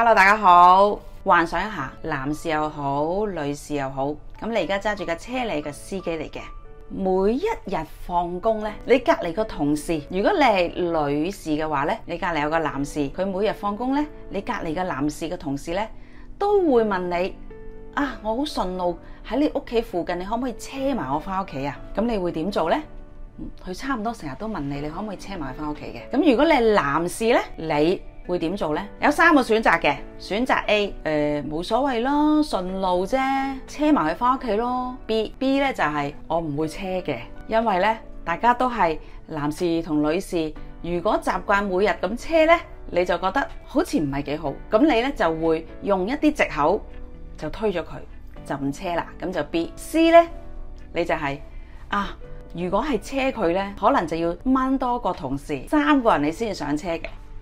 hello，大家好。幻想一下，男士又好，女士又好，咁你而家揸住架車嚟嘅司機嚟嘅，每一日放工咧，你隔籬個同事，如果你係女士嘅話咧，你隔籬有個男士，佢每日放工咧，你隔籬個男士嘅同事咧，都會問你啊，我好順路喺你屋企附近，你可唔可以車埋我翻屋企啊？咁你會點做咧？佢差唔多成日都問你，你可唔可以車埋我翻屋企嘅？咁如果你係男士咧，你。會點做呢？有三個選擇嘅，選擇 A，誒，冇所謂咯，順路啫，車埋佢翻屋企咯。B，B 呢就係我唔會車嘅，因為呢大家都係男士同女士，如果習慣每日咁車呢，你就覺得好似唔係幾好，咁你呢就會用一啲藉口就推咗佢，就唔車啦，咁就 B。C 呢，你就係啊，如果係車佢呢，可能就要掹多個同事，三個人你先至上車嘅。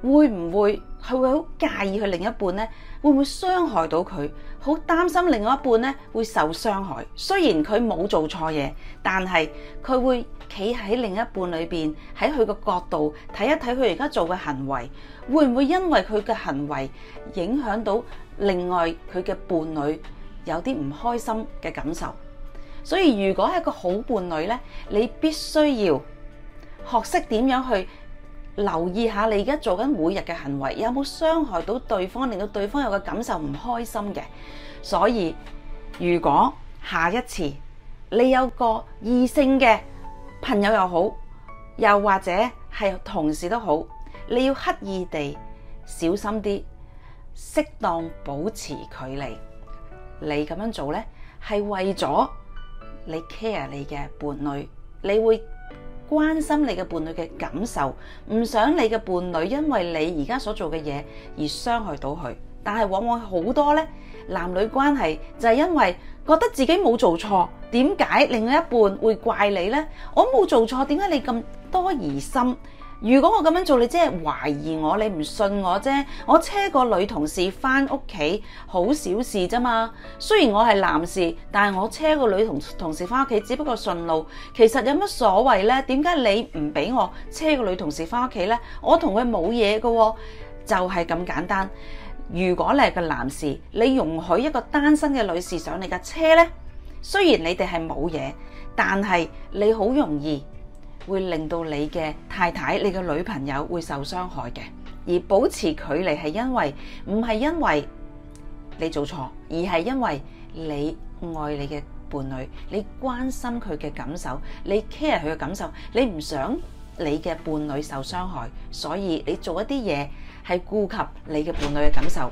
會唔會佢會好介意佢另一半呢？會唔會傷害到佢？好擔心另外一半呢會受傷害。雖然佢冇做錯嘢，但係佢會企喺另一半裏邊，喺佢個角度睇一睇佢而家做嘅行為，會唔會因為佢嘅行為影響到另外佢嘅伴侶有啲唔開心嘅感受？所以如果係一個好伴侶呢，你必須要學識點樣去。留意下你而家做緊每日嘅行為，有冇傷害到對方，令到對方有個感受唔開心嘅？所以如果下一次你有個異性嘅朋友又好，又或者係同事都好，你要刻意地小心啲，適當保持距離。你咁樣做呢，係為咗你 care 你嘅伴侶，你會。關心你嘅伴侶嘅感受，唔想你嘅伴侶因為你而家所做嘅嘢而傷害到佢，但係往往好多呢，男女關係就係因為覺得自己冇做錯，點解另外一半會怪你呢？我冇做錯，點解你咁多疑心？如果我咁樣做，你即係懷疑我，你唔信我啫。我車個女同事翻屋企，好小事啫嘛。雖然我係男士，但係我車個女同同事翻屋企，只不過順路。其實有乜所謂呢？點解你唔俾我車個女同事翻屋企呢？我同佢冇嘢噶，就係咁簡單。如果你係個男士，你容許一個單身嘅女士上你架車呢？雖然你哋係冇嘢，但係你好容易。會令到你嘅太太、你嘅女朋友會受傷害嘅。而保持距離係因為唔係因為你做錯，而係因為你愛你嘅伴侶，你關心佢嘅感受，你 care 佢嘅感受，你唔想你嘅伴侶受傷害，所以你做一啲嘢係顧及你嘅伴侶嘅感受。